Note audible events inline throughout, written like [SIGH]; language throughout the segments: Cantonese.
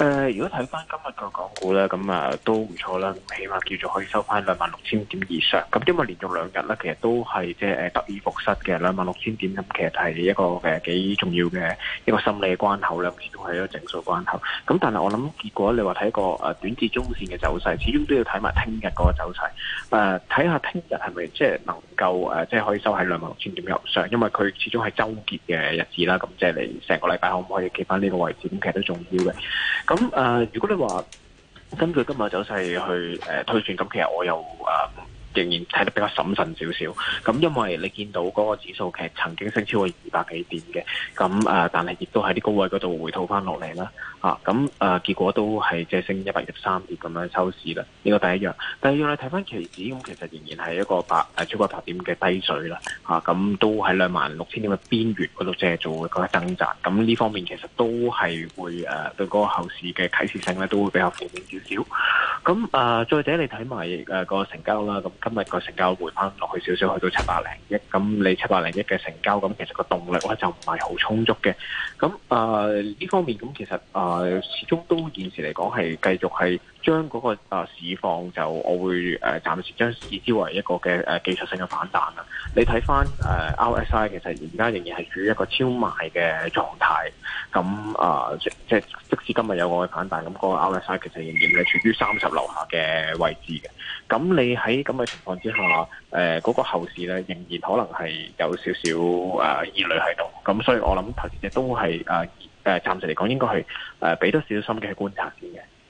誒、呃，如果睇翻今日個港股咧，咁、嗯、啊都唔錯啦，咁起碼叫做可以收翻兩萬六千點以上。咁因為連續兩日咧，其實都係即係得而復失嘅兩萬六千點，咁、嗯、其實係一個誒、呃、幾重要嘅一個心理嘅關口啦、嗯，始終係一個整數關口。咁、嗯、但係我諗結果你話睇個誒、呃、短至中線嘅走勢，始終都要睇埋聽日嗰個走勢。誒、呃，睇下聽日係咪即係能夠、呃、即係可以收喺兩萬六千點以上，因為佢始終係周結嘅日子啦。咁、嗯、即係你成個禮拜可唔可以企翻呢個位置？咁、嗯、其實都重要嘅。咁誒、呃，如果你話根據今日走勢去，呃、推算，咁其實我又誒。呃仍然睇得比較審慎少少，咁因為你見到嗰個指數其實曾經升超過二百幾點嘅，咁啊，但係亦都喺啲高位嗰度回吐翻落嚟啦，嚇、啊，咁啊，啊，結果都係即係升一百一十三點咁樣收市啦。呢、這個第一樣，第二樣你睇翻期指咁，其實仍然係一個百誒超過百點嘅低水啦，嚇、啊，咁、啊、都喺兩萬六千點嘅邊緣嗰度借做嗰個掙扎，咁、啊、呢方面其實都係會誒、啊、對嗰個後市嘅啟示性咧都會比較負面少少。咁啊，再者你睇埋誒個成交啦，咁、啊。今日個成交回翻落去少少，去到七百零億。咁你七百零億嘅成交，咁其實個動力咧就唔係好充足嘅。咁啊，呢、呃、方面咁其實啊、呃，始終都現時嚟講係繼續係。將嗰個市況就，我會誒暫時將視之為一個嘅誒技術性嘅反彈啦。你睇翻誒 RSI，其實而家仍然係處於一個超賣嘅狀態。咁啊，即即即使今日有個反彈，咁、嗰個 RSI 其實仍然係處於三十樓下嘅位置嘅。咁你喺咁嘅情況之下，誒、那、嗰個後市咧仍然可能係有少少誒疑慮喺度。咁所以我諗投資者都係誒誒暫時嚟講應該係誒俾多少少心機去觀察先嘅。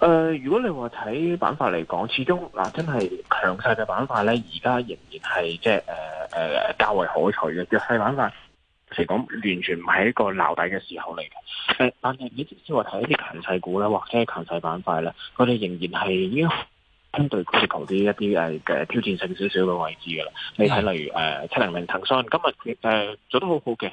誒、呃，如果你話睇板塊嚟講，始終嗱、啊、真係強勢嘅板塊咧，而家仍然係即係誒誒較為可取嘅，弱勢板塊嚟講，完全唔係一個鬧底嘅時候嚟嘅、呃。但係你即使話睇一啲強勢股啦，或者強強勢板塊咧，佢哋仍然係應經針對全球啲一啲誒嘅挑戰性少少嘅位置㗎啦。你睇的例如誒、呃、七零零騰訊，今日誒、呃、做得好好嘅。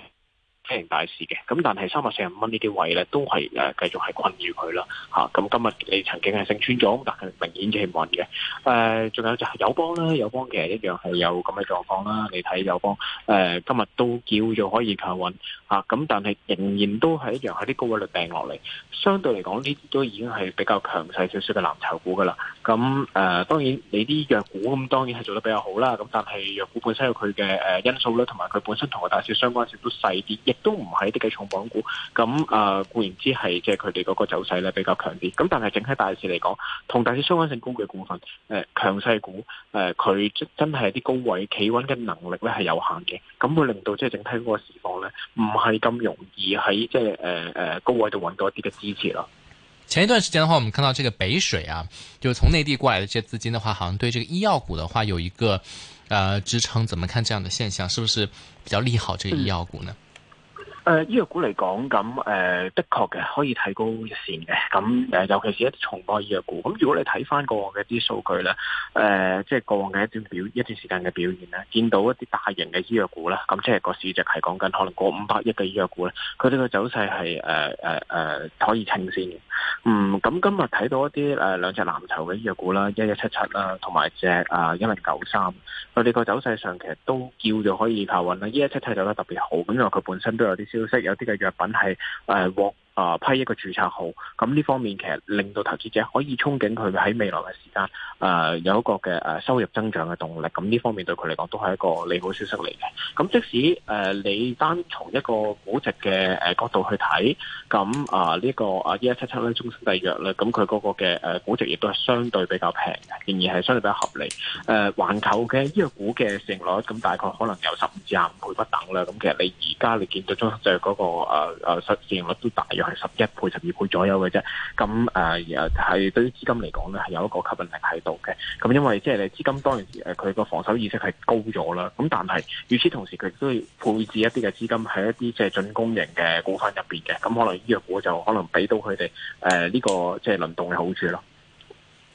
非常大市嘅，咁但係三百四十五蚊呢啲位咧，都係誒繼續係困住佢啦嚇。咁、啊、今日你曾經係升穿咗，但係明顯係唔穩嘅。誒、呃，仲有就係友邦啦，友邦其實一樣係有咁嘅狀況啦。你睇友邦誒、呃，今日都叫做可以強穩嚇，咁、啊、但係仍然都係一樣係啲高位率掟落嚟。相對嚟講，呢啲都已經係比較強勢少少嘅藍籌股噶啦。咁、啊、誒，當然你啲藥股咁當然係做得比較好啦。咁、啊、但係藥股本身有佢嘅誒因素咧，同埋佢本身同個大市相關性都細啲。都唔係啲計重磅股，咁誒、呃、固然之係即係佢哋嗰個走勢咧比較強啲，咁但係整體大市嚟講，同大市相關性高嘅股份誒、呃、強勢股誒，佢、呃、真真係啲高位企穩嘅能力咧係有限嘅，咁會令到即係整體嗰個市況咧唔係咁容易喺即係誒誒高位度揾到一啲嘅支持咯。前一段時間嘅話，我們看到這個北水啊，就從內地過來嘅啲資金嘅話，好像對這個醫藥股嘅話有一個誒、呃、支撐，怎麼看這樣的現象，是不是比較利好這個醫藥股呢？嗯誒、呃，醫藥股嚟講，咁誒、呃、的確嘅，可以睇高一線嘅。咁誒、呃，尤其是一啲重大醫藥股。咁如果你睇翻過往嘅一啲數據咧，誒、呃，即係過往嘅一段表一段時間嘅表現呢，見到一啲大型嘅醫藥股呢，咁即係個市值係講緊可能過五百億嘅醫藥股咧，佢哋嘅走勢係誒誒誒可以清先嘅。嗯，咁今日睇到一啲誒兩隻藍籌嘅醫藥股啦，77, 一一七七啦，同埋隻啊一零九三，佢哋個走勢上其實都叫做可以靠運啦。一一七七走得特別好，因為佢本身都有啲。有啲嘅藥品係誒。 [MUSIC] 啊批一個註冊號，咁呢方面其實令到投資者可以憧憬佢喺未來嘅時間，誒、啊、有一個嘅收入增長嘅動力。咁呢方面對佢嚟講都係一個利好消息嚟嘅。咁即使誒、啊、你單從一個估值嘅角度去睇，咁啊呢、這個啊一一七七咧中生製藥咧，咁佢嗰個嘅誒估值亦都係相對比較平嘅，仍然係相對比較合理。誒、啊、環球嘅醫藥股嘅市盈率咁大概可能有十五至廿五倍不等啦。咁其實你而家你見到中生製藥嗰、那個誒誒、啊、市盈率都大約。係十一倍、十二倍左右嘅啫，咁誒誒，係、呃、對於資金嚟講咧，係有一個吸引力喺度嘅。咁因為即係你資金當陣時誒佢個防守意識係高咗啦。咁但係與此同時，佢都係配置一啲嘅資金喺一啲即係進攻型嘅股份入邊嘅。咁可能醫藥股就可能俾到佢哋誒呢個即係輪動嘅好處咯。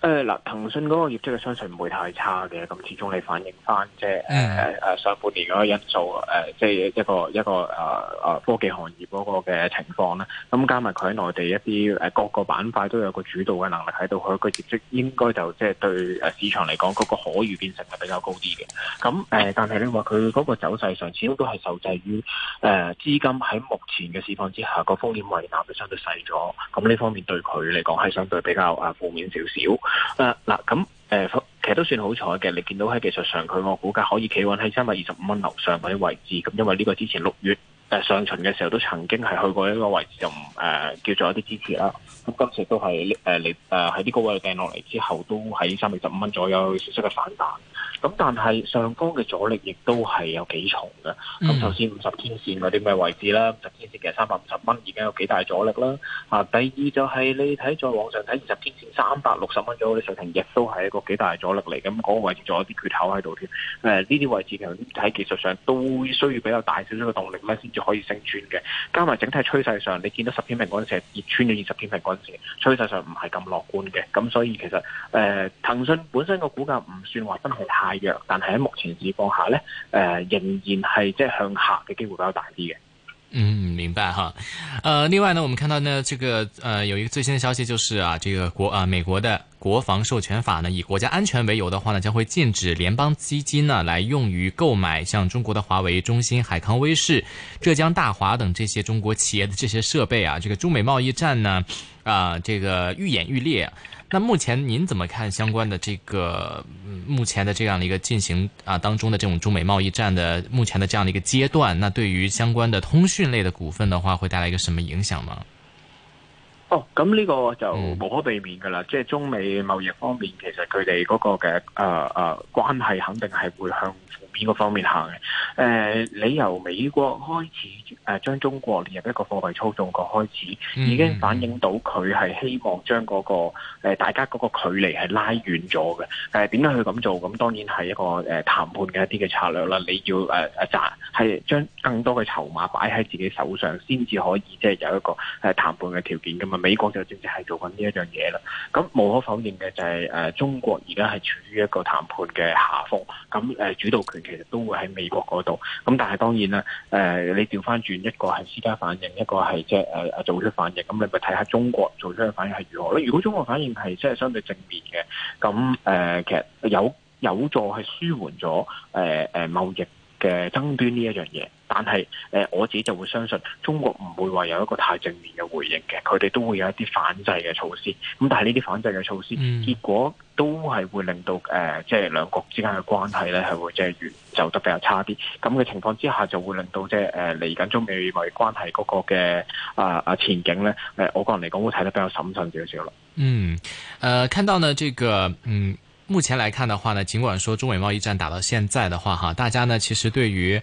誒，嗱，騰訊嗰個業績嘅相信唔會太差嘅，咁始終你反映翻即係誒誒，上半年嗰個因素誒、呃，即係一個一個誒誒、呃、科技行業嗰個嘅情況咧，咁加埋佢喺內地一啲誒各個板塊都有個主導嘅能力喺度，佢個業績應該就即係對誒市場嚟講嗰個可預變性係比較高啲嘅。咁、呃、誒，但係你話佢嗰個走勢上，始終都係受制於誒資金喺目前嘅市況之下，個風險位拿就相對細咗。咁呢方面對佢嚟講係相對比較誒負面少少。誒，嗱，咁誒，其實都算好彩嘅。你見到喺技術上，佢個股價可以企穩喺三百二十五蚊樓上嗰啲位置。咁因為呢個之前六月誒上旬嘅時候都曾經係去過一個位置就，就、啊、誒叫做一啲支持啦。咁、啊、今次都係誒誒喺啲高位掟落嚟之後，都喺三百二十五蚊左右，少少嘅反彈。咁但係上方嘅阻力亦都係有幾重嘅，咁頭先五十天線嗰啲咩位置啦，五十天線其實三百五十蚊已經有幾大阻力啦。啊，第二就係你睇再往上睇二十天線三百六十蚊左右，你水平亦都係一個幾大阻力嚟，咁、那、嗰個位置仲有啲缺口喺度添。呢、呃、啲位置其實喺技術上都需要比較大少少嘅動力咧，先至可以升穿嘅。加埋整體趨勢上，你見到十天平嗰陣時係跌穿咗二十天平嗰陣時，趨勢上唔係咁樂觀嘅。咁所以其實誒、呃，騰訊本身個股價唔算話真係但係喺目前情況下呢，呃、仍然係即係向下嘅機會比較大啲嘅。嗯，明白哈。呃，另外呢，我們看到呢，這個呃有一個最新的消息，就是啊，這個國誒、呃、美國的國防授權法呢，以國家安全為由的話呢，將會禁止聯邦基金呢來用於購買像中國的華為、中興、海康威視、浙江大華等這些中國企業的這些設備啊。這個中美貿易戰呢，啊、呃，這個愈演愈烈，啊。那目前您怎麼看相關的這個目前的這樣的一個進行啊當中的這種中美貿易戰的目前的這樣的一個階段？那對於相關的通訊類的股份的話，會帶來一個什麼影響嗎？哦，咁呢個就無可避免噶啦，嗯、即係中美貿易方面，其實佢哋嗰個嘅啊啊關係，肯定係會向，邊個方面行嘅？誒、呃，你由美國開始誒、呃，將中國列入一個貨幣操縱國開始，已經反映到佢係希望將嗰、那個誒、呃、大家嗰個距離係拉遠咗嘅。誒、呃，點解佢咁做？咁、呃、當然係一個誒、呃、談判嘅一啲嘅策略啦。你要誒誒賺、係、呃啊、將更多嘅籌碼擺喺自己手上，先至可以即係、就是、有一個誒、呃、談判嘅條件噶嘛。美國就正正係做緊呢一樣嘢啦。咁、呃、無可否認嘅就係、是、誒、呃，中國而家係處於一個談判嘅下風，咁、呃、誒主導權。其實都會喺美國嗰度，咁但係當然啦，誒，你調翻轉一個係私家反應，一個係即係誒誒做出反應，咁你咪睇下中國做出嘅反應係如何咧？如果中國反應係即係相對正面嘅，咁誒，其實有有助係舒緩咗誒誒貿易嘅爭端呢一樣嘢，但係誒我自己就會相信中國唔會話有一個太正面嘅回應嘅，佢哋都會有一啲反制嘅措施，咁但係呢啲反制嘅措施，結果。都係會令到誒、呃，即係兩國之間嘅關係咧，係會即係越走得比較差啲。咁嘅情況之下，就會令到即係誒，嚟、呃、緊中美貿易關係嗰個嘅啊啊前景咧，誒，我個人嚟講會睇得比較審慎少少咯。嗯，誒、呃，看到呢，這個嗯，目前來看的話呢，儘管說中美貿易戰打到現在的話，哈，大家呢其實對於。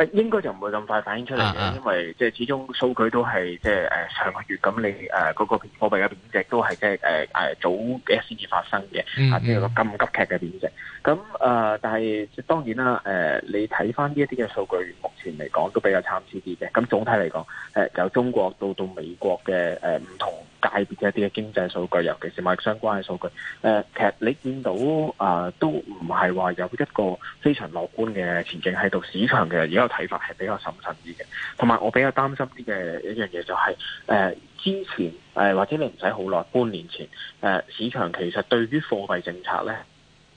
誒應該就唔會咁快反映出嚟嘅，uh huh. 因為即係始終數據都係即係誒上個月咁、uh huh.，你誒嗰個貨幣嘅貶值都係即係誒誒早幾年先發生嘅即係呢個咁急劇嘅貶值。咁誒，但係當然啦，誒你睇翻呢一啲嘅數據，目前嚟講都比較參差啲嘅。咁總體嚟講，誒由中國到到美國嘅誒唔同。界別嘅一啲嘅經濟數據，尤其是貿易相關嘅數據。誒、呃，其實你見到啊、呃，都唔係話有一個非常樂觀嘅前景喺度。市場其實而家嘅睇法係比較審慎啲嘅。同埋我比較擔心啲嘅一樣嘢就係、是、誒、呃、之前誒、呃、或者你唔使好耐半年前誒、呃、市場其實對於貨幣政策咧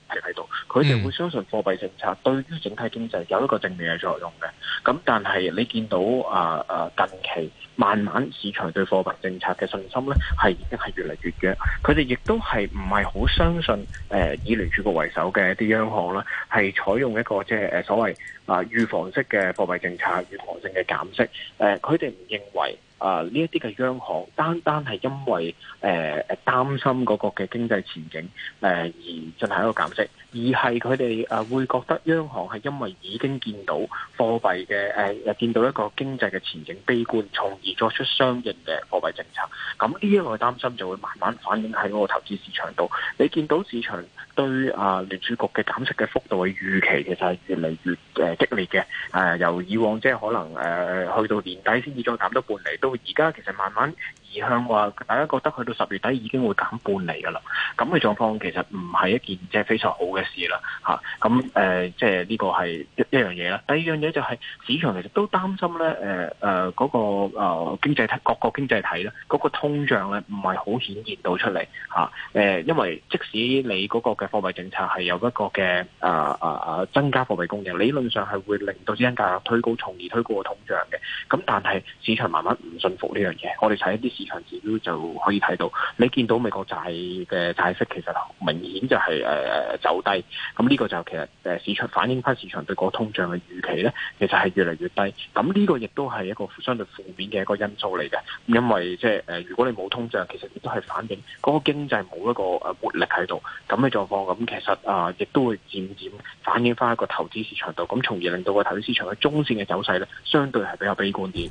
係喺度，佢哋會相信貨幣政策對於整體經濟有一個正面嘅作用嘅。咁但係你見到啊啊、呃呃、近期。慢慢市場對貨幣政策嘅信心咧，係已經係越嚟越弱。佢哋亦都係唔係好相信、呃、以聯儲局為首嘅一啲央行啦，係採用一個即、就、係、是呃、所謂啊、呃、預防式嘅貨幣政策、預防性嘅減息。誒、呃，佢哋唔認為。啊！呢一啲嘅央行，單單係因為誒誒、呃、擔心嗰個嘅經濟前景誒、呃、而進行一個減息，而係佢哋啊會覺得央行係因為已經見到貨幣嘅誒、呃，見到一個經濟嘅前景悲觀，從而作出相應嘅貨幣政策。咁呢一個擔心就會慢慢反映喺嗰個投資市場度。你見到市場對啊、呃、聯儲局嘅減息嘅幅度嘅預期其實係越嚟越誒激烈嘅。誒、呃、由以往即係可能誒、呃、去到年底先至再減多半釐都。而家其實慢慢。而向話，大家覺得去到十月底已經會減半厘㗎啦，咁嘅狀況其實唔係一件即係非常好嘅事啦，嚇、啊，咁、呃、誒，即係呢個係一一樣嘢啦。第二樣嘢就係市場其實都擔心咧，誒誒嗰個誒經濟體，各個經濟體咧，嗰個通脹咧唔係好顯現到出嚟嚇，誒、啊，因為即使你嗰個嘅貨幣政策係有一個嘅誒誒誒增加貨幣供應，理論上係會令到資產價格推高，從而推高個通脹嘅，咁但係市場慢慢唔信服呢樣嘢，我哋睇一啲市。市場指標就可以睇到，你見到美國債嘅債息其實明顯就係、係、誒、呃、走低，咁呢個就其實誒市場反映翻市場對個通脹嘅預期咧，其實係越嚟越低。咁呢個亦都係一個相對負面嘅一個因素嚟嘅，因為即係誒，如果你冇通脹，其實亦都係反映嗰、嗰個經濟冇一個誒活力喺度，咁嘅狀況咁，其實啊，亦、呃、都會漸漸反映翻一個投資市場度，咁從而令到個投資市場嘅中線嘅走勢咧，相對係比較悲觀啲。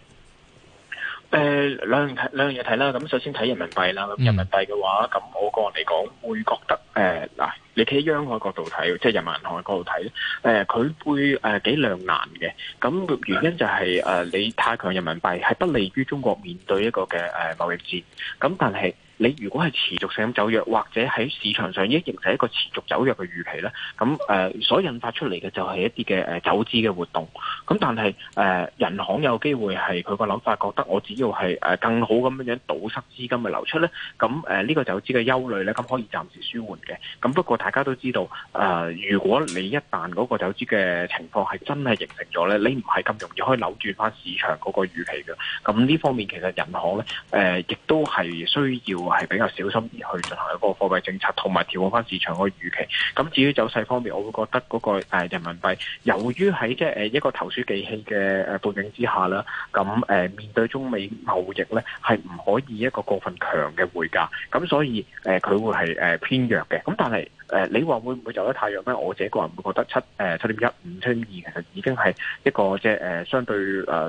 誒、嗯、兩樣睇兩樣嘢睇啦，咁首先睇人民幣啦，人民幣嘅話，咁我個人嚟講會覺得誒嗱、呃，你企喺央行角度睇，即係人民銀行嘅角度睇咧，佢、呃、會誒、呃、幾兩難嘅，咁原因就係、是、誒、呃、你太強人民幣係不利於中國面對一個嘅貿易戰，咁但係，你如果係持續性咁走弱，或者喺市場上已經形成一個持續走弱嘅預期咧，咁誒、呃、所引發出嚟嘅就係一啲嘅、呃、走資嘅活動。咁但係誒、呃、人行有機會係佢個諗法覺得，我只要係、呃、更好咁樣樣堵塞資金嘅流出咧，咁呢、呃這個走資嘅憂慮咧，咁可以暫時舒緩嘅。咁不過大家都知道，誒、呃、如果你一旦嗰個走資嘅情況係真係形成咗咧，你唔係咁容易可以扭轉返市場嗰個預期㗎。咁呢方面其實人行咧、呃、亦都係需要。係比較小心而去進行一個貨幣政策，同埋調好翻市場個預期。咁至於走勢方面，我會覺得嗰個誒人民幣，由於喺即係誒一個投鼠忌器嘅誒背景之下啦，咁誒面對中美貿易咧，係唔可以一個過分強嘅匯價，咁所以誒佢會係誒偏弱嘅。咁但係。誒、呃，你話會唔會走得太弱咧？我自己個人會覺得七誒七點一五、七點二其實已經係一個即係、呃、相對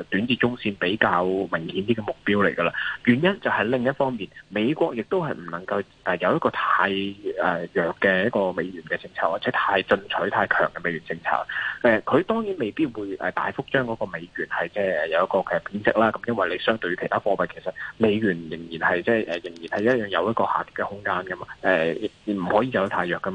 短至中線比較明顯啲嘅目標嚟㗎啦。原因就係另一方面，美國亦都係唔能夠有一個太弱嘅一個美元嘅政策，或者太進取、太強嘅美元政策。誒、呃，佢當然未必會大幅將嗰個美元係即係有一個其實貶值啦。咁、呃、因為你相對於其他貨幣，其實美元仍然係即係、呃、仍然係一樣有一個下跌嘅空間㗎嘛。誒、呃，唔可以走得太弱㗎。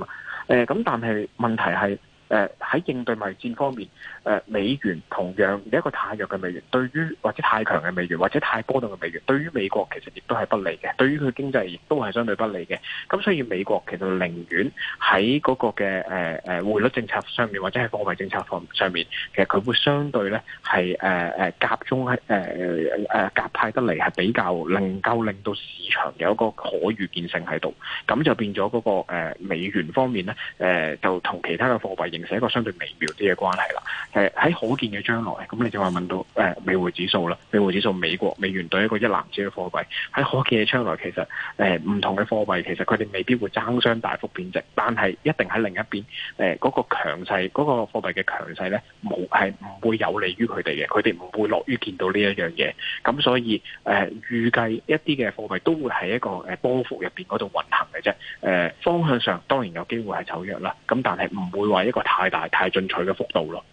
誒咁，但係問題係。誒，喺、呃、應對貿戰方面，誒、呃、美元同樣一個太弱嘅美元，對於或者太強嘅美元，或者太波動嘅美元，對於美國其實亦都係不利嘅，對於佢經濟亦都係相對不利嘅。咁所以美國其實寧願喺嗰個嘅誒誒匯率政策上面，或者係貨幣政策方上面，其實佢會相對咧係誒誒夾中係誒誒夾派得嚟係比較能夠令到市場有一個可預見性喺度，咁就變咗嗰、那個、呃、美元方面咧，誒、呃、就同其他嘅貨幣。形成一個相對微妙啲嘅關係啦。誒喺可見嘅將來，咁你就話問到誒美匯指數啦，美匯指數美，美國美元對一個一籃子嘅貨幣喺可見嘅將來，其實誒唔、呃、同嘅貨幣其實佢哋未必會爭相大幅貶值，但係一定喺另一邊誒嗰個強勢嗰個貨幣嘅強勢咧，冇係唔會有利於佢哋嘅，佢哋唔會樂於見到呢一樣嘢。咁所以誒預計一啲嘅貨幣都會喺一個誒、呃、波幅入邊嗰度運行。嚟啫，誒，方向上當然有機會係走弱啦，咁但係唔會話一個太大太進取嘅幅度咯。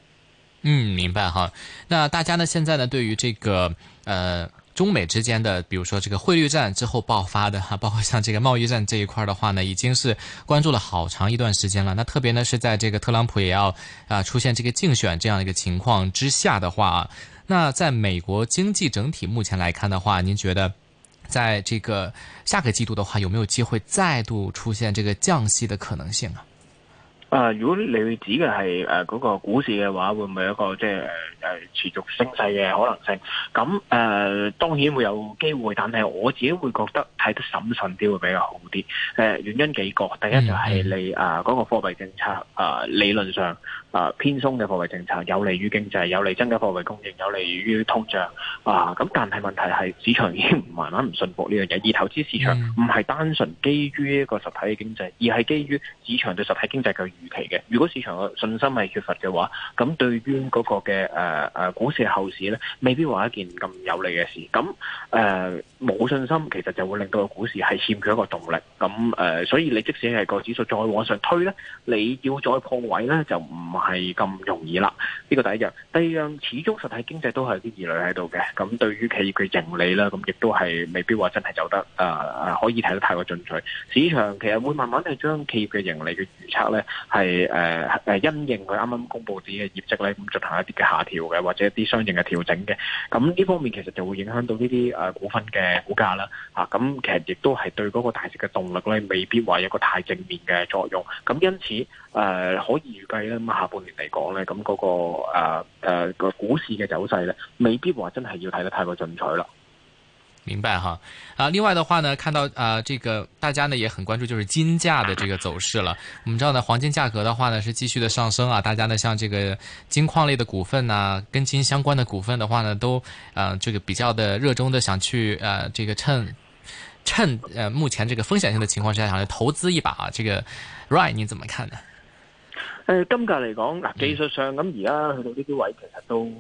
嗯，明白哈，那大家呢？現在呢？對於這個，呃，中美之間的，比如說這個匯率戰之後爆發的，包括像這個貿易戰這一塊的話呢，已經是關注了好長一段時間了，那特別呢，是在這個特朗普也要啊出現這個競選這樣一個情況之下的話，啊那在美國經濟整體目前來看的話，您覺得？在這個下個季度的話，有沒有機會再度出現這個降息的可能性啊、呃？如果你指嘅係誒嗰個股市嘅話，會唔會一個即係誒持續升勢嘅可能性？咁、呃、當然會有機會，但係我自己會覺得睇得審慎啲會比較好啲。誒、呃，原因幾個，第一就係你、嗯呃嗰個貨幣政策啊、呃、理論上。啊，偏鬆嘅貨幣政策有利於經濟，有利增加貨幣供應，有利於通脹。啊，咁但係問題係市場已經唔慢慢唔信服呢樣嘢，而投資市場唔係單純基於一個實體嘅經濟，而係基於市場對實體經濟嘅預期嘅。如果市場嘅信心係缺乏嘅話，咁對於嗰個嘅誒、呃、股市嘅後市咧，未必話一件咁有利嘅事。咁誒冇信心，其實就會令到個股市係欠缺一個動力。咁誒、呃，所以你即使係個指數再往上推咧，你要再破位咧，就唔係。係咁容易啦，呢、這個第一樣。第二樣，始終實體經濟都係有啲疑慮喺度嘅，咁對於企業嘅盈利咧，咁亦都係未必話真係走得誒誒、呃，可以睇得太過進取。市場其實會慢慢係將企業嘅盈利嘅預測咧，係誒誒因應佢啱啱公佈自己嘅業績咧，咁進行一啲嘅下調嘅，或者一啲相應嘅調整嘅。咁呢方面其實就會影響到呢啲誒股份嘅股價啦，吓、啊、咁其實亦都係對嗰個大市嘅動力咧，未必話有一個太正面嘅作用。咁因此誒、呃、可以預計咧，咁啊。半年嚟講呢，咁嗰個誒誒個股市嘅走勢呢，未必話真係要睇得太過進取啦。明白哈，啊另外的話呢，看到啊、呃，這個大家呢也很關注，就是金價的這個走勢了。我們知道呢，黃金價格的話呢是繼續的上升啊，大家呢像這個金礦類的股份啊，跟金相關的股份的話呢，都啊這個比較的熱衷的想去啊、呃，這個趁趁誒、呃、目前這個風險性的情況之下，想嚟投資一把啊。這個 Ryan，你怎麼看呢？誒，金價嚟講，嗱技術上咁而家去到呢啲位，其實都誒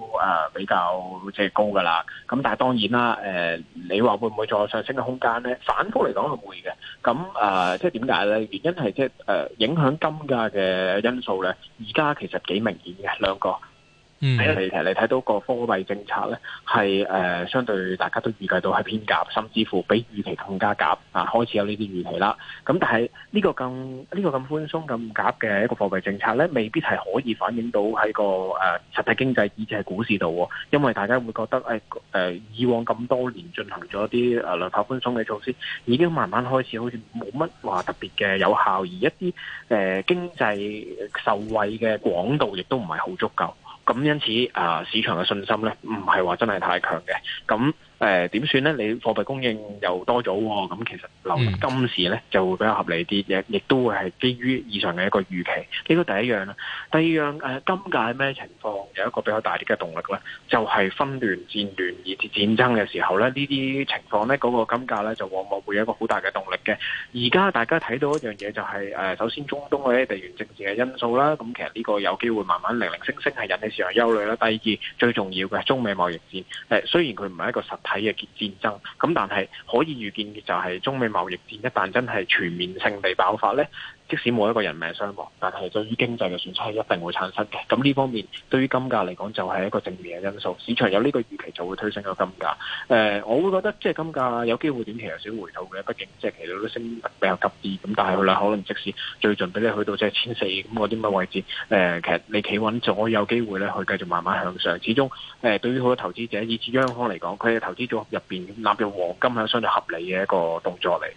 比較即係高㗎喇。咁但係當然啦，誒你話會唔會再上升嘅空間咧？反覆嚟講係會嘅。咁誒、呃、即係點解咧？原因係即係誒影響金價嘅因素咧，而家其實幾明顯嘅兩個。嗯、你啊，你睇到個貨幣政策咧，係、呃、誒相對大家都預計到係偏鴿，甚至乎比預期更加鴿啊，開始有呢啲預期啦。咁但係呢個咁呢、呢個咁寬鬆、咁鴿嘅一個貨幣政策咧，未必係可以反映到喺個誒、呃、實體經濟，以至係股市度，因為大家會覺得誒、呃、以往咁多年進行咗啲誒量化寬鬆嘅措施，已經慢慢開始好似冇乜話特別嘅有效，而一啲誒、呃、經濟受惠嘅廣度亦都唔係好足夠。咁因此，啊市場嘅信心咧，唔係話真係太強嘅，咁。誒，點、呃、算呢？你貨幣供應又多咗、哦，咁其實流入金市呢，就會比較合理啲，亦都會係基於以上嘅一個預期。呢、這個第一樣啦。第二樣誒、呃，金價咩情況有一個比較大啲嘅動力呢，就係、是、紛亂、戰亂，以致戰爭嘅時候呢。呢啲情況呢，嗰、那個金價呢，就往往會有一個好大嘅動力嘅。而家大家睇到一樣嘢就係、是、誒、呃，首先中東嘅地緣政治嘅因素啦，咁、呃、其實呢個有機會慢慢零零星星係引起市場憂慮啦。第二，最重要嘅係中美貿易戰。呃、雖然佢唔係一個實體。睇嘅戰爭咁，但係可以預見嘅就係中美貿易戰。一旦真係全面性地爆發咧。即使冇一個人命傷亡，但係對於經濟嘅損失係一定會產生嘅。咁呢方面對於金價嚟講就係一個正面嘅因素，市場有呢個預期就會推升個金價。誒、呃，我會覺得即係金價有機會短期有少少回吐嘅，畢竟即係其實都升得比較急啲。咁但係佢啦，嗯、可能即使最盡俾你去到即係千四咁嗰啲咁嘅位置，誒、呃，其實你企穩咗，有機會咧去繼續慢慢向上。始終，誒、呃，對於好多投資者，以至央行嚟講，佢嘅投資組合入邊納入黃金係相對合理嘅一個動作嚟嘅。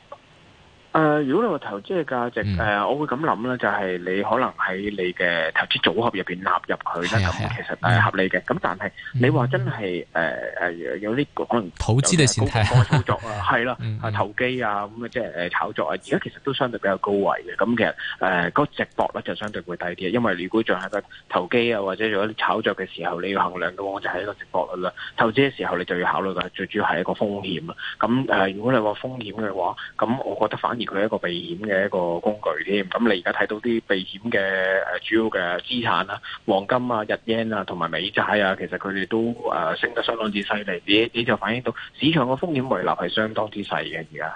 誒、呃，如果你話投資嘅價值，誒、嗯，呃，我會咁諗咧，就係、是、你可能喺你嘅投資組合入邊納入佢咧，咁的其實係合理嘅。咁的但係你話真係誒誒，有啲可能投資嘅前提，操作啊，係啦，啊投機啊，咁啊即係誒炒作啊，而家其實都相對比較高位嘅。咁其實誒個、呃、值博率，就相對會低啲，因為如果仲係個投機啊，或者做一啲炒作嘅時候，你要衡量嘅話就係、是、一個值博率啦。投資嘅時候你就要考慮到最主要係一個風險啊。咁誒、呃，如果你話風險嘅話，咁我覺得反。佢一個避險嘅一個工具添，咁你而家睇到啲避險嘅誒主要嘅資產啊、黃金啊、日元啊、同埋美債啊，其實佢哋都誒升得相當之犀利，你你就反映到市場嘅風險胃納係相當之細嘅而家。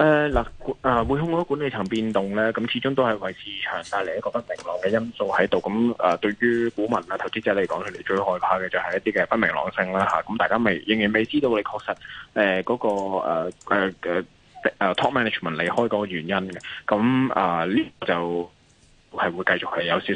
誒，嗱、呃，啊，匯控嗰管理層變動咧，咁始終都係為市場帶嚟一個不明朗嘅因素喺度。咁誒、啊，對於股民啊、投資者嚟講，佢哋最害怕嘅就係一啲嘅不明朗性啦。吓、啊，咁、啊、大家未仍然未知道你確，你確實誒嗰個誒誒誒誒，top management 離開嗰個原因嘅。咁啊，呢、這個、就。係會繼續係有少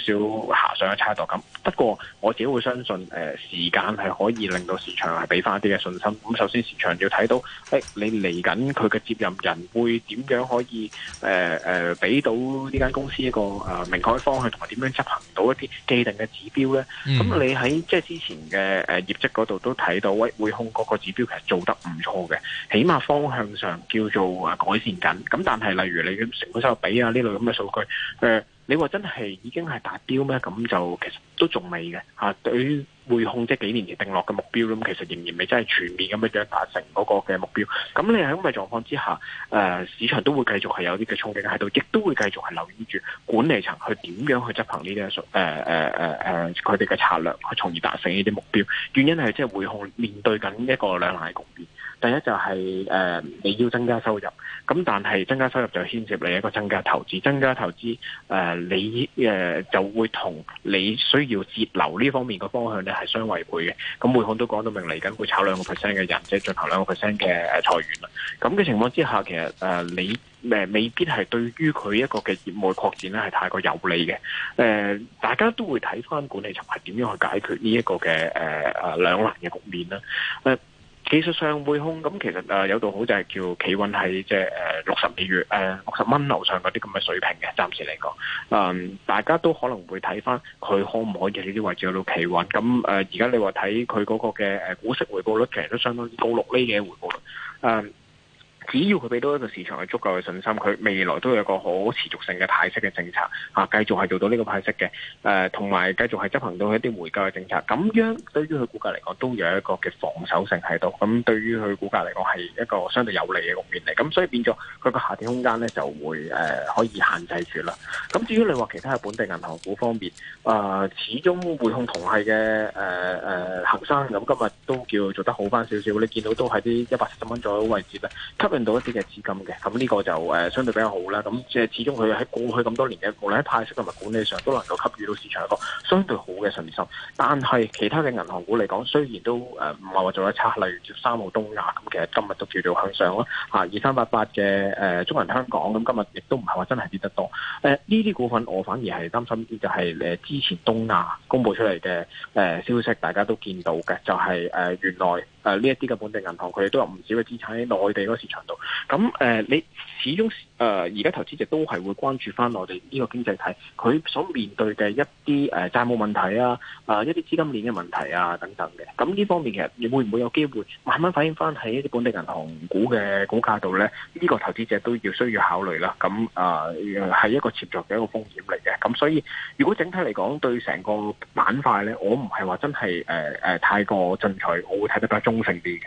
少下上嘅差度，咁，不過我自己會相信誒時間係可以令到市場係俾翻一啲嘅信心。咁首先市場要睇到，誒、哎、你嚟緊佢嘅接任人會點樣可以誒誒俾到呢間公司一個誒、呃、明確嘅方向，同埋點樣執行到一啲既定嘅指標咧？咁、mm hmm. 你喺即係之前嘅誒業績嗰度都睇到，匯控嗰個指標其實做得唔錯嘅，起碼方向上叫做改善緊。咁但係例如你嘅成本收入比啊呢類咁嘅數據、呃你話真係已經係達標咩？咁就其實都仲未嘅吓，對於匯控即係、就是、幾年前定落嘅目標，咁其實仍然未真係全面咁樣達成嗰個嘅目標。咁你喺咁嘅狀況之下，誒、呃，市場都會繼續係有啲嘅衝擊喺度，亦都會繼續係留意住管理層去點樣去執行呢啲誒誒誒誒佢哋嘅策略，去從而達成呢啲目標。原因係即係匯控面對緊一個兩難嘅局面。第一就係、是、誒、呃、你要增加收入，咁但係增加收入就牽涉你一個增加投資，增加投資誒、呃、你誒、呃、就會同你需要節流呢方面嘅方向咧係相違背嘅。咁匯控都講到明嚟緊會炒兩個 percent 嘅人，即係進行兩個 percent 嘅裁員啦。咁嘅情況之下，其實誒、呃、你、呃、未必係對於佢一個嘅業務擴展咧係太過有利嘅。誒、呃，大家都會睇翻管理層係點樣去解決呢一個嘅誒誒兩難嘅局面、呃技術上會空，咁其實誒有度好就係叫企穩喺即係誒六十美元誒六十蚊樓上嗰啲咁嘅水平嘅，暫時嚟講，嗯，大家都可能會睇返佢可唔可以喺呢啲位置去到企穩，咁誒而家你話睇佢嗰個嘅誒股息回報率其實都相當之高，六厘嘅回報率，嗯。只要佢俾到一個市場嘅足夠嘅信心，佢未來都有一個好持續性嘅派息嘅政策嚇、啊，繼續係做到呢個派息嘅，誒同埋繼續係執行到一啲回購嘅政策，咁樣對於佢股價嚟講，都有一個嘅防守性喺度。咁對於佢股價嚟講，係一個相對有利嘅局面嚟。咁所以變咗佢個下跌空間咧，就會誒、呃、可以限制住啦。咁至於你話其他嘅本地銀行股方面，誒、呃、始終匯控同系嘅誒誒恒生，咁今日都叫做得好翻少少，你見到都喺啲一百七十蚊左右位置咧到一啲嘅資金嘅，咁呢個就相對比較好啦。咁即係始終佢喺過去咁多年嘅，無論喺派息同埋管理上，都能夠給予到市場一個相對好嘅信心。但係其他嘅銀行股嚟講，雖然都唔係話做得差，例如叫三號東亞咁，其實今日都叫做向上咯。嚇二三八八嘅中銀香港咁，今日亦都唔係話真係跌得多。呃、呢啲股份我反而係擔心啲，就係誒之前東亞公布出嚟嘅、呃、消息，大家都見到嘅，就係、呃、原來。誒呢一啲嘅本地銀行，佢哋都有唔少嘅資產喺內地嗰個市場度。咁誒、呃、你。始終，誒而家投資者都係會關注翻我哋呢個經濟體，佢所面對嘅一啲誒債務問題啊，啊、呃、一啲資金鏈嘅問題啊等等嘅，咁呢方面其實會唔會有機會慢慢反映翻喺一啲本地銀行股嘅股價度咧？呢、呢個投資者都要需要考慮啦。咁啊係一個潛在嘅一個風險嚟嘅。咁所以如果整體嚟講，對成個板塊咧，我唔係話真係誒誒太過進取，我會睇得比較中性啲嘅。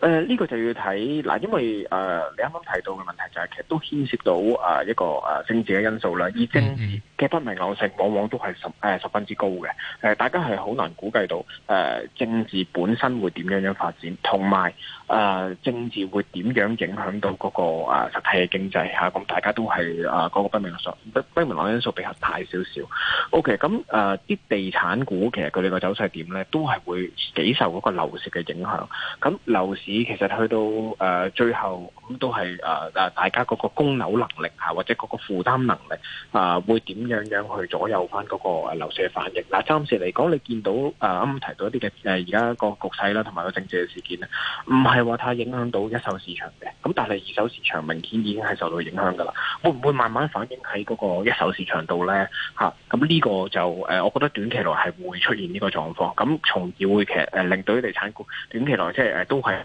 誒、呢、呃這個就要睇嗱，因為誒、呃、你啱啱提到嘅問題就係、是，其實都牽涉到誒、呃、一個誒、啊、政治嘅因素啦。而政治嘅不明朗性，往往都係十誒、呃、十分之高嘅。誒、呃，大家係好難估計到誒、呃、政治本身會點樣樣發展，同埋誒政治會點樣影響到嗰、那個誒、啊、實體嘅經濟吓。咁、啊、大家都係誒、啊那個不明朗不不明朗因素比較大少少。OK，咁誒啲地產股其實佢哋個走勢點咧，都係會幾受嗰個樓市嘅影響。咁樓市。其實去到誒最後，咁、嗯、都係誒、呃、大家嗰個供樓能力或者嗰個負擔能力啊、呃、會點樣樣去左右翻、那、嗰個、呃、樓市嘅反應嗱。呃、暫時嚟講你見到誒啱啱提到一啲嘅誒而家個局勢啦同埋個政治嘅事件咧，唔係話太影響到一手市場嘅，咁但係二手市場明顯已經係受到影響㗎啦，會唔會慢慢反映喺嗰個一手市場度咧？咁呢、啊嗯呢個就、呃、我覺得短期內係會出現呢個狀況，咁從而會其實、呃、令到啲地產股短期內即、就、係、是呃、都係。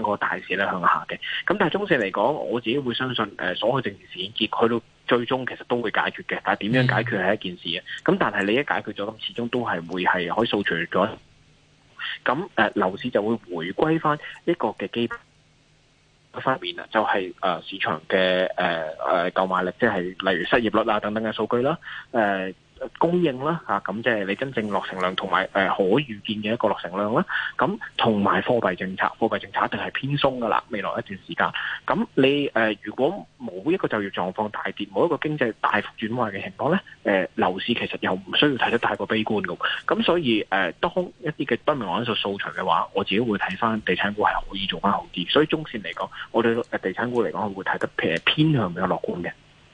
個大市咧向下嘅，咁但係中線嚟講，我自己會相信，誒，所有政治事件結去到最終，其實都會解決嘅。但係點樣解決係一件事嘅。咁但係你一解決咗，咁始終都係會係可以掃除咗，咁誒，樓、呃、市就會回歸翻一個嘅基本一方面啊，就係、是、誒、呃、市場嘅誒誒購買力，即係例如失業率啊等等嘅數據啦，誒、呃。供應啦吓，咁即係你真正落成量同埋誒可預見嘅一個落成量啦。咁同埋貨幣政策，貨幣政策一定係偏鬆㗎啦。未來一段時間，咁你誒、呃、如果冇一個就業狀況大跌，冇一個經濟大幅轉壞嘅情況咧，誒、呃、樓市其實又唔需要睇得太過悲觀㗎。咁所以誒、呃，當一啲嘅不明朗因素掃除嘅話，我自己會睇翻地產股係可以做翻好啲。所以中線嚟講，我對地產股嚟講，我會睇得偏向比較樂觀嘅。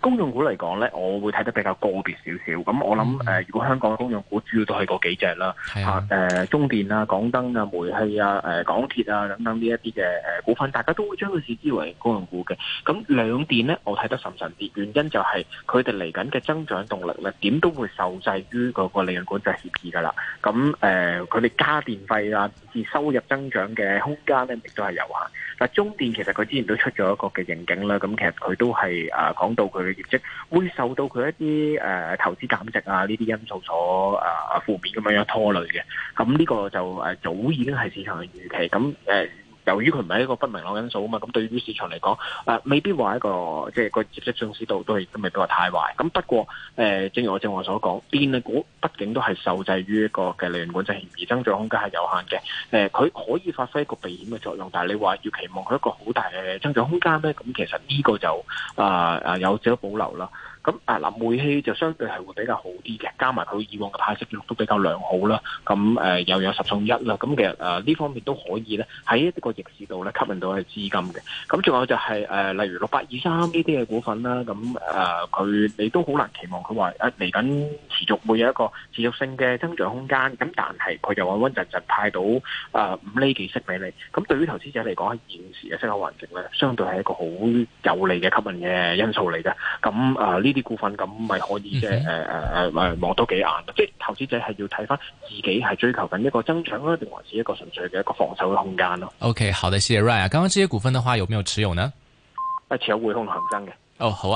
公用股嚟講咧，我會睇得比較個別少少。咁我諗、呃、如果香港嘅公用股主要都係嗰幾隻啦的、呃，中電啊、港燈啊、煤氣啊、港鐵啊等等呢一啲嘅股份，大家都會將佢視之為公用股嘅。咁兩電咧，我睇得審慎啲，原因就係佢哋嚟緊嘅增長動力咧，點都會受制於嗰個利潤管制協議噶啦。咁誒，佢、呃、哋加電費啊，至收入增長嘅空間咧，亦都係有限。嗱，中電其實佢之前都出咗一個嘅盈警啦，咁其實佢都係、呃、講到。佢嘅業績會受到佢一啲誒、呃、投資減值啊呢啲因素所誒、呃、負面咁樣樣拖累嘅，咁呢個就誒、呃、早已經係市場嘅預期，咁誒。呃由於佢唔係一個不明朗因素啊嘛，咁對於市場嚟講、呃，未必話一個即係個接觸市度都係都未必話太壞。咁不過、呃、正如我正話所講，電力股畢竟都係受制於一個嘅利潤管制限而增長空間係有限嘅。誒、呃，佢可以發揮一個避險嘅作用，但係你話要期望佢一個好大嘅增長空間咧，咁其實呢個就啊啊、呃、有少少保留啦。咁啊，嗱，煤氣就相對係會比較好啲嘅，加埋佢以往嘅派息率都比較良好啦。咁誒、呃、又有十送一啦。咁其實呢、呃、方面都可以咧，喺一個逆市度咧吸引到係資金嘅。咁仲有就係、是、誒、呃，例如六八二三呢啲嘅股份啦。咁誒佢你都好難期望佢話嚟緊持續會有一個持續性嘅增長空間。咁但係佢就穩穩陣陣派到誒五厘幾息俾你。咁對於投資者嚟講，現時嘅息口環境咧，相對係一個好有利嘅吸引嘅因素嚟嘅。咁啊呢。呃啲股份咁咪可以即係誒誒誒誒望多幾眼，即係投資者係要睇翻自己係追求緊一個增長咧，定還是一個純粹嘅一個防守嘅空間咯。OK，好的，謝謝 Ray 啊，剛剛這些股份的話，有沒有持有呢？持有匯控同恒生嘅。哦，oh, 好啊。